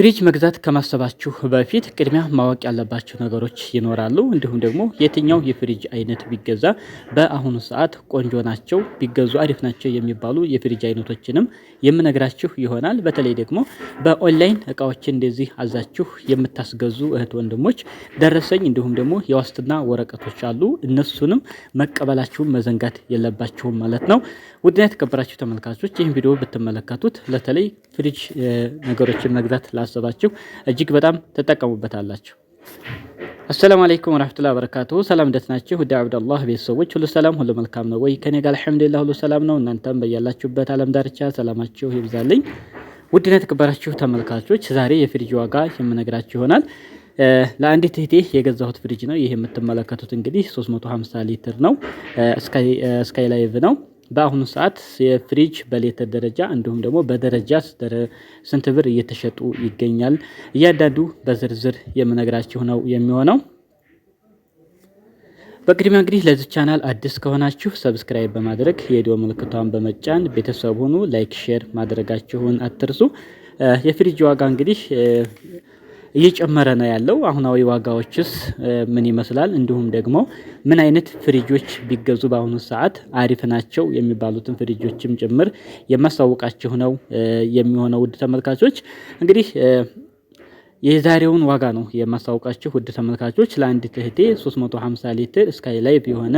ፍሪጅ መግዛት ከማሰባችሁ በፊት ቅድሚያ ማወቅ ያለባቸው ነገሮች ይኖራሉ። እንዲሁም ደግሞ የትኛው የፍሪጅ አይነት ቢገዛ በአሁኑ ሰዓት ቆንጆ ናቸው፣ ቢገዙ አሪፍ ናቸው የሚባሉ የፍሪጅ አይነቶችንም የምነግራችሁ ይሆናል። በተለይ ደግሞ በኦንላይን እቃዎችን እንደዚህ አዛችሁ የምታስገዙ እህት ወንድሞች ደረሰኝ እንዲሁም ደግሞ የዋስትና ወረቀቶች አሉ። እነሱንም መቀበላችሁን መዘንጋት የለባችሁም ማለት ነው። ውድና የተከበራችሁ ተመልካቾች ይህን ቪዲዮ ብትመለከቱት በተለይ ፍሪጅ ነገሮችን መግዛት ላሰባችሁ እጅግ በጣም ትጠቀሙበታላችሁ። አሰላሙ አለይኩም ወራህመቱላሂ ወበረካቱ። ሰላም እንደት ናችሁ? ወደ አብደላህ ቤተሰቦች ሁሉ ሰላም ሁሉ መልካም ነው ወይ? ከኔ ጋር አልሐምዱሊላህ ሁሉ ሰላም ነው። እናንተም በያላችሁበት አለም ዳርቻ ሰላማችሁ ይብዛልኝ። ውድና የተከበራችሁ ተመልካቾች ዛሬ የፍሪጅ ዋጋ የምነግራችሁ ይሆናል። ለአንዲት እህቴ የገዛሁት ፍሪጅ ነው። ይህ የምትመለከቱት እንግዲህ 350 ሊትር ነው። ስካይ ላይቭ ነው በአሁኑ ሰዓት የፍሪጅ በሌተር ደረጃ እንዲሁም ደግሞ በደረጃ ስንት ብር እየተሸጡ ይገኛል? እያንዳንዱ በዝርዝር የምነግራችሁ ነው የሚሆነው። በቅድሚያ እንግዲህ ለዚህ ቻናል አዲስ ከሆናችሁ ሰብስክራይብ በማድረግ የዲዮ ምልክቷን በመጫን ቤተሰብ ሁኑ። ላይክ ሼር ማድረጋችሁን አትርሱ። የፍሪጅ ዋጋ እንግዲህ እየጨመረ ነው ያለው። አሁናዊ ዋጋዎችስ ምን ይመስላል? እንዲሁም ደግሞ ምን አይነት ፍሪጆች ቢገዙ በአሁኑ ሰዓት አሪፍ ናቸው የሚባሉትን ፍሪጆችም ጭምር የማስታወቃችሁ ነው የሚሆነው ውድ ተመልካቾች እንግዲህ የዛሬውን ዋጋ ነው የማስታወቃችሁ ውድ ተመልካቾች። ለአንድ እህቴ 350 ሊትር ስካይ ላይቭ የሆነ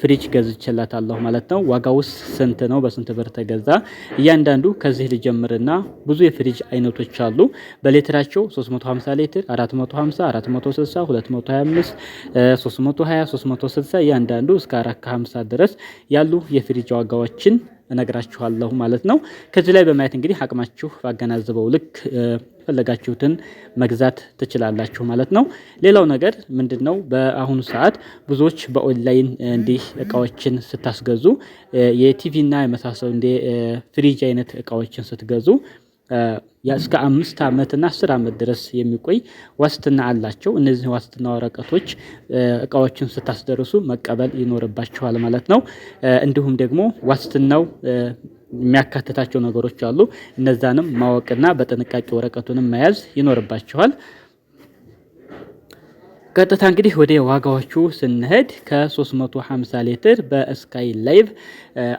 ፍሪጅ ገዝቼላታለሁ ማለት ነው። ዋጋ ዋጋውስ ስንት ነው? በስንት ብር ተገዛ? እያንዳንዱ ከዚህ ልጀምርና ብዙ የፍሪጅ አይነቶች አሉ። በሌትራቸው 350 ሊትር፣ 450፣ 460፣ 225፣ 320፣ 360 እያንዳንዱ እስከ 450 ድረስ ያሉ የፍሪጅ ዋጋዎችን እነግራችኋለሁ ማለት ነው። ከዚህ ላይ በማየት እንግዲህ አቅማችሁ ባገናዘበው ልክ የፈለጋችሁትን መግዛት ትችላላችሁ ማለት ነው። ሌላው ነገር ምንድን ነው? በአሁኑ ሰዓት ብዙዎች በኦንላይን እንዲህ እቃዎችን ስታስገዙ የቲቪና የመሳሰሉ እንደ ፍሪጅ አይነት እቃዎችን ስትገዙ እስከ አምስት ዓመትና አስር ዓመት ድረስ የሚቆይ ዋስትና አላቸው። እነዚህ ዋስትና ወረቀቶች እቃዎችን ስታስደርሱ መቀበል ይኖርባችኋል ማለት ነው። እንዲሁም ደግሞ ዋስትናው የሚያካትታቸው ነገሮች አሉ። እነዛንም ማወቅና በጥንቃቄ ወረቀቱንም መያዝ ይኖርባችኋል። ቀጥታ እንግዲህ ወደ ዋጋዎቹ ስንሄድ ከ350 ሊትር በስካይ ላይቭ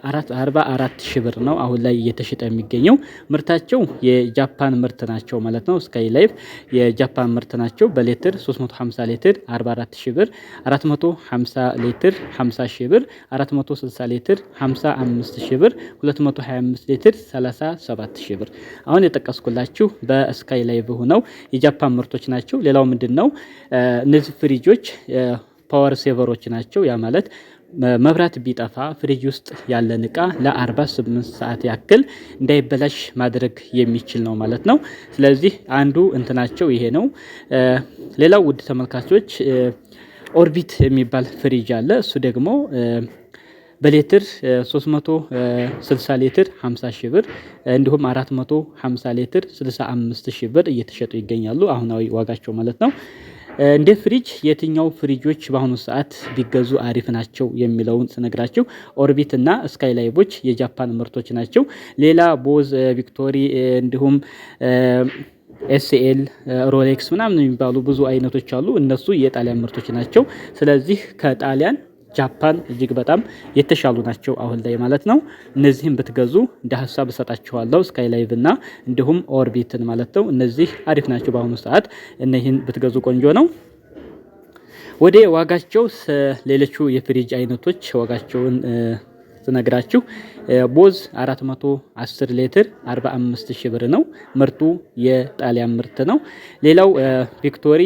44 ሺ ብር ነው አሁን ላይ እየተሸጠ የሚገኘው። ምርታቸው የጃፓን ምርት ናቸው ማለት ነው። ስካይ ላይቭ የጃፓን ምርት ናቸው። በሌትር 350 ሊትር 44 ሺ ብር፣ 450 ሊትር 50 ሺ ብር፣ 460 ሊትር 55 ሺ ብር፣ 225 ሊትር 37 ሺ ብር። አሁን የጠቀስኩላችሁ በስካይ ላይቭ ሆነው የጃፓን ምርቶች ናቸው። ሌላው ምንድን ነው እነዚህ ፍሪጆች ፓወር ሴቨሮች ናቸው። ያ ማለት መብራት ቢጠፋ ፍሪጅ ውስጥ ያለን እቃ ለ48 ሰዓት ያክል እንዳይበላሽ ማድረግ የሚችል ነው ማለት ነው። ስለዚህ አንዱ እንትናቸው ይሄ ነው። ሌላው ውድ ተመልካቾች ኦርቢት የሚባል ፍሪጅ አለ። እሱ ደግሞ በሌትር 360 ሌትር 50 ሺህ ብር እንዲሁም 450 ሌትር 65 ሺህ ብር እየተሸጡ ይገኛሉ። አሁናዊ ዋጋቸው ማለት ነው። እንደ ፍሪጅ የትኛው ፍሪጆች በአሁኑ ሰዓት ቢገዙ አሪፍ ናቸው የሚለውን ስነግራቸው ኦርቢት እና ስካይ ላይቦች የጃፓን ምርቶች ናቸው። ሌላ ቦዝ፣ ቪክቶሪ እንዲሁም ኤስኤል፣ ሮሌክስ ምናምን የሚባሉ ብዙ አይነቶች አሉ። እነሱ የጣሊያን ምርቶች ናቸው። ስለዚህ ከጣሊያን ጃፓን እጅግ በጣም የተሻሉ ናቸው አሁን ላይ ማለት ነው። እነዚህም ብትገዙ እንደ ሀሳብ እሰጣችኋለሁ። ስካይላይቭ እና እንዲሁም ኦርቢትን ማለት ነው። እነዚህ አሪፍ ናቸው በአሁኑ ሰዓት። እነዚህን ብትገዙ ቆንጆ ነው። ወደ ዋጋቸው ሌሎቹ የፍሪጅ አይነቶች ዋጋቸውን ስነግራችሁ ቦዝ 410 ሌትር 45 ሺህ ብር ነው። ምርቱ የጣሊያን ምርት ነው። ሌላው ቪክቶሪ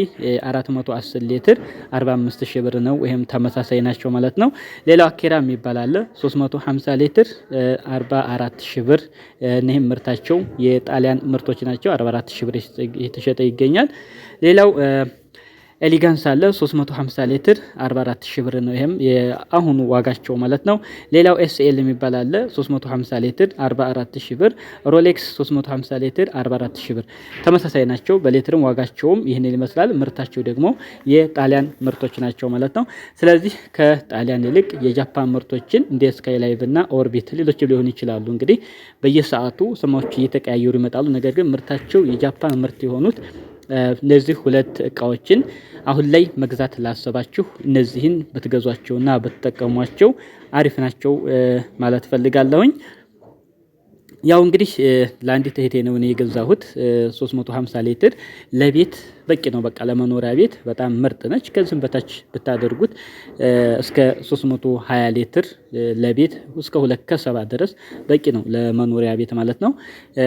410 ሌትር 45 ብር ነው። ይሄም ተመሳሳይ ናቸው ማለት ነው። ሌላው አኬራ የሚባል አለ 350 ሌትር 44 ሺህ ብር። እነዚህም ምርታቸው የጣሊያን ምርቶች ናቸው። 44 ሺህ ብር የተሸጠ ይገኛል። ሌላው ኤሊጋንስ አለ 350 ሊትር 44 ሺህ ብር ነው። ይሄም የአሁኑ ዋጋቸው ማለት ነው። ሌላው ኤስኤል የሚባል አለ 350 ሊትር 44 ሺህ ብር፣ ሮሌክስ 350 ሊትር 44 ሺህ ብር ተመሳሳይ ናቸው። በሊትርም ዋጋቸውም ይህን ይመስላል። ምርታቸው ደግሞ የጣሊያን ምርቶች ናቸው ማለት ነው። ስለዚህ ከጣሊያን ይልቅ የጃፓን ምርቶችን እንደ ስካይላይቭ እና ኦርቢት ሌሎች ሊሆኑ ይችላሉ። እንግዲህ በየሰዓቱ ስማዎች እየተቀያየሩ ይመጣሉ። ነገር ግን ምርታቸው የጃፓን ምርት የሆኑት እነዚህ ሁለት እቃዎችን አሁን ላይ መግዛት ላሰባችሁ እነዚህን ብትገዟቸውና ብትጠቀሟቸው አሪፍ ናቸው ማለት ፈልጋለሁኝ። ያው እንግዲህ ለአንዲት እህቴ ነው እኔ የገዛሁት 350 ሊትር ለቤት በቂ ነው። በቃ ለመኖሪያ ቤት በጣም ምርጥ ነች። ከዚህም በታች ብታደርጉት እስከ 320 ሊትር ለቤት እስከ ሁለት ከሰባ ድረስ በቂ ነው ለመኖሪያ ቤት ማለት ነው።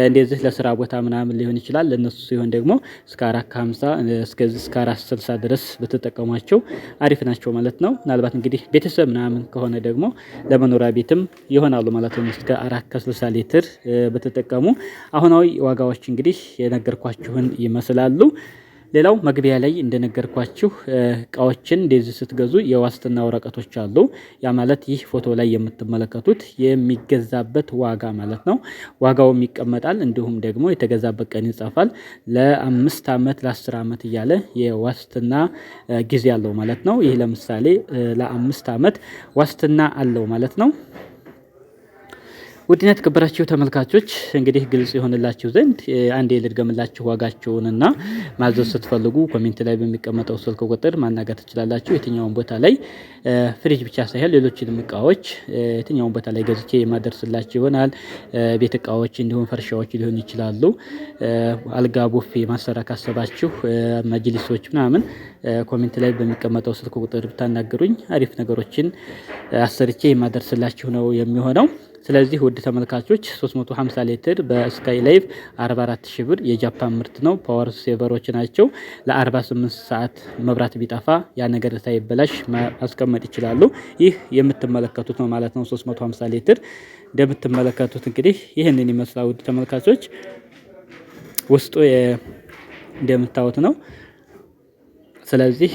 እንደዚህ ለስራ ቦታ ምናምን ሊሆን ይችላል። ለነሱ ሲሆን ደግሞ እስከ አራት ከሀምሳ እስከዚህ እስከ አራት ድረስ ብትጠቀሟቸው አሪፍ ናቸው ማለት ነው። ምናልባት እንግዲህ ቤተሰብ ምናምን ከሆነ ደግሞ ለመኖሪያ ቤትም ይሆናሉ ማለት ነው። እስከ አራት ከስልሳ ሊትር ብትጠቀሙ አሁናዊ ዋጋዎች እንግዲህ የነገርኳችሁን ይመስላሉ። ሌላው መግቢያ ላይ እንደነገርኳችሁ እቃዎችን እንደዚህ ስትገዙ የዋስትና ወረቀቶች አሉ። ያ ማለት ይህ ፎቶ ላይ የምትመለከቱት የሚገዛበት ዋጋ ማለት ነው። ዋጋውም ይቀመጣል፣ እንዲሁም ደግሞ የተገዛበት ቀን ይጻፋል። ለአምስት ዓመት ለአስር ዓመት እያለ የዋስትና ጊዜ አለው ማለት ነው። ይህ ለምሳሌ ለአምስት ዓመት ዋስትና አለው ማለት ነው። ውድና የተከበራችሁ ተመልካቾች እንግዲህ ግልጽ የሆንላችሁ ዘንድ አንድ የልድገምላችሁ ዋጋቸውንና ማዘዝ ስትፈልጉ ኮሜንት ላይ በሚቀመጠው ስልክ ቁጥር ማናገር ትችላላችሁ። የትኛውን ቦታ ላይ ፍሪጅ ብቻ ሳይሆን ሌሎችን እቃዎች የትኛውን ቦታ ላይ ገዝቼ የማደርስላችሁ ይሆናል። ቤት እቃዎች እንዲሁም ፈርሻዎች ሊሆን ይችላሉ። አልጋ፣ ቡፌ ማሰራ ካሰባችሁ መጅሊሶች ምናምን ኮሜንት ላይ በሚቀመጠው ስልክ ቁጥር ብታናገሩኝ አሪፍ ነገሮችን አሰርቼ የማደርስላችሁ ነው የሚሆነው። ስለዚህ ውድ ተመልካቾች 350 ሊትር በስካይ ላይፍ 44 ሺህ ብር የጃፓን ምርት ነው። ፓወር ሴቨሮች ናቸው። ለ48 ሰዓት መብራት ቢጠፋ ያ ነገር ሳይበላሽ ማስቀመጥ ይችላሉ። ይህ የምትመለከቱት ነው ማለት ነው 350 ሊትር። እንደምትመለከቱት እንግዲህ ይህንን ይመስላል ውድ ተመልካቾች ውስጡ እንደምታዩት ነው። ስለዚህ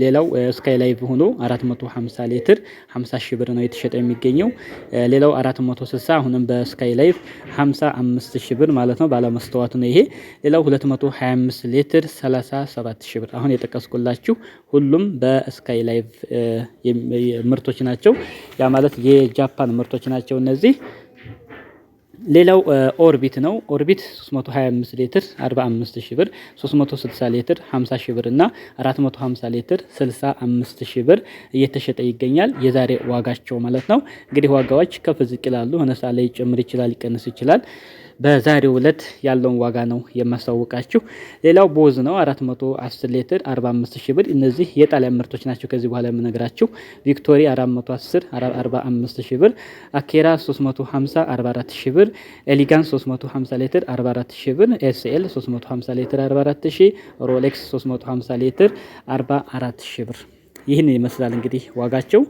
ሌላው ስካይ ላይቭ ሆኖ 450 ሊትር 50 ሺህ ብር ነው የተሸጠ የሚገኘው። ሌላው 460 አሁንም በስካይ ላይቭ 55 ሺህ ብር ማለት ነው። ባለመስተዋቱ ነው ይሄ። ሌላው 225 ሊትር 37 ሺህ ብር። አሁን የጠቀስኩላችሁ ሁሉም በስካይ ላይቭ ምርቶች ናቸው። ያ ማለት የጃፓን ምርቶች ናቸው እነዚህ ሌላው ኦርቢት ነው። ኦርቢት 325 ሊትር 45 ሺህ ብር፣ 360 ሊትር 50 ሺህ ብር እና 450 ሊትር 65 ሺህ ብር እየተሸጠ ይገኛል። የዛሬ ዋጋቸው ማለት ነው። እንግዲህ ዋጋዎች ከፍ ዝቅ ይላሉ። ሆነሳ ላይ ሊጨምር ይችላል፣ ሊቀንስ ይችላል። በዛሬው ዕለት ያለውን ዋጋ ነው የማስታወቃችሁ። ሌላው ቦዝ ነው 410 ሊትር 45 ሺህ ብር። እነዚህ የጣሊያን ምርቶች ናቸው። ከዚህ በኋላ የምነግራችሁ ቪክቶሪ 410 45 ብር፣ አኬራ 350 44 ብር፣ ኤሊጋንስ 350 ሊትር 44 ብር፣ ኤስኤል 350 ሊትር 44 ሮሌክስ 350 ሌትር 44 ብር። ይህን ይመስላል እንግዲህ ዋጋቸው።